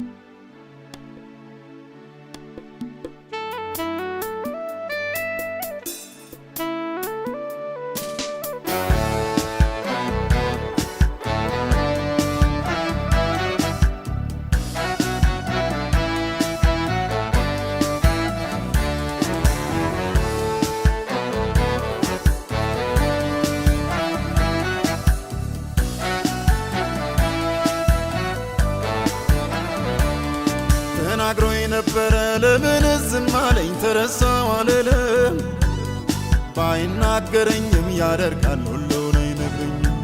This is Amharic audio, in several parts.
thank you ተናግሮ የነበረ ለምን ዝም አለኝ? ተረሳው አልልም። ባይናገረኝም ያደርጋል ሁሉን አይነግረኝም።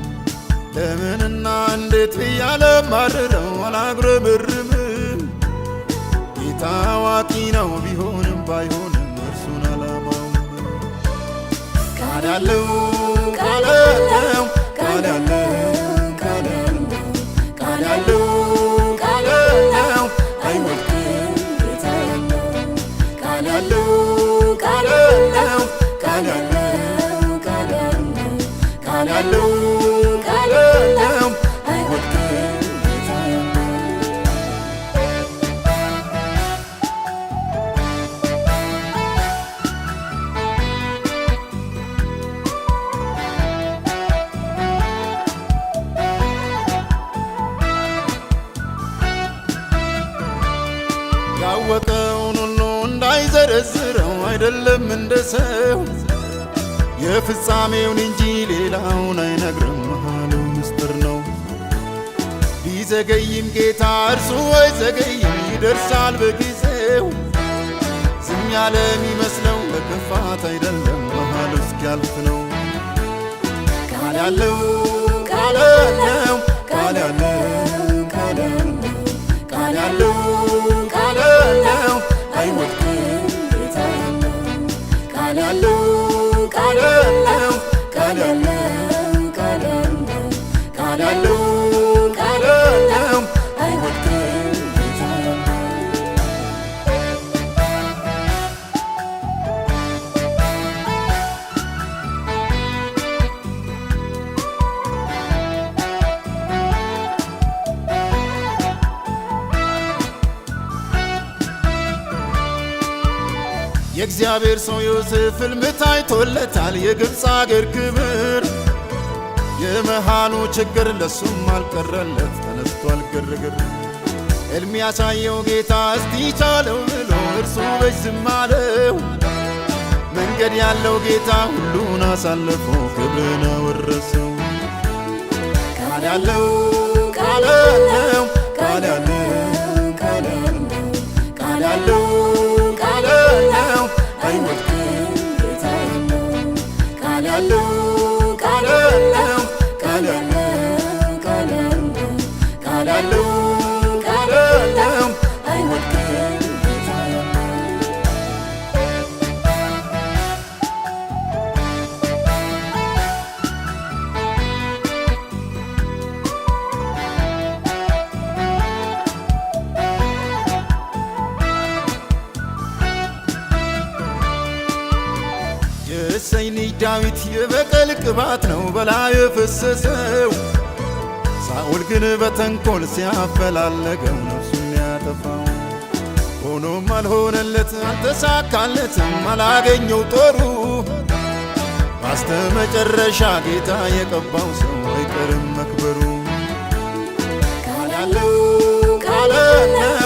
ለምንና እንዴት እያለ ማርረው አላጉረመርምም። ጌታ አዋቂ ነው ቢሆንም ባይሆንም እርሱን አላማውም ካዳለው ያወቀውን ሁሉ እንዳይዘረዝረው አይደለም እንደ ሰው የፍጻሜውን እንጂ ሌላውን አይነግርም። መሃሉ ምስጢር ነው። ቢዘገይም ጌታ እርሱ ወይ አይዘገይም፣ ይደርሳል በጊዜው። ዝም ያለ የሚመስለው ለክፋት አይደለም፣ መሃሉ እስኪያልፍ ነው። ቃል ያለው ቃል ያለው ቃል ያለው ቃል ያለው Hollywood. የእግዚአብሔር ሰው ዮሴፍ ሕልም ታይቶለታል። የግብፅ አገር ክብር የመሃሉ ችግር ለሱም አልቀረለት፣ ተነስቷል ግርግር። ሕልም ያሳየው ጌታ እስቲ ቻለው ብሎ እርሱ በጅ ዝም አለው። መንገድ ያለው ጌታ ሁሉን አሳልፎ ክብርን ወረሰው። ቃል ያለው ቃል ያለው ቃል ያለው ቃል ያለው ቃል ያለው ቃል ያለው ዳዊት የበቀል ቅባት ነው በላዩ የፈሰሰው፣ ሳኦል ግን በተንኮል ሲያፈላለገው ነፍሱን ያጠፋው። ሆኖም አልሆነለት፣ አልተሳካለትም፣ አላገኘው ጦሩ። ባስተመጨረሻ ጌታ የቀባው ሰው አይቀርም መክበሩ ካላለው ካላለው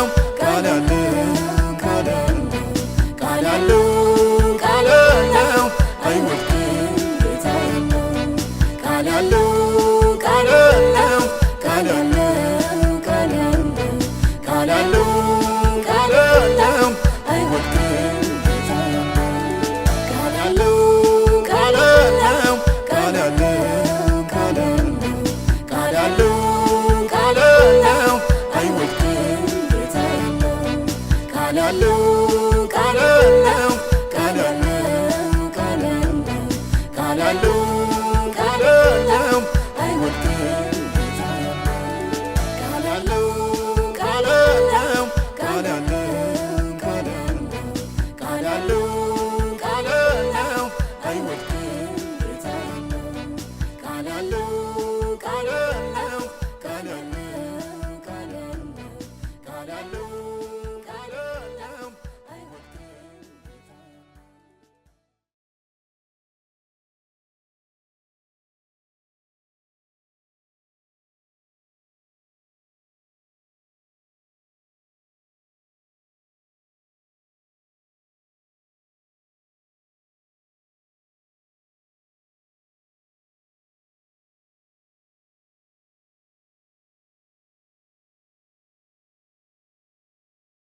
ቃል ያለው ቃል ያለው አይወድቅም ጌታ ቃል ቃል ያለው ቃል ያለው ቃል ያለው ቃል ያለው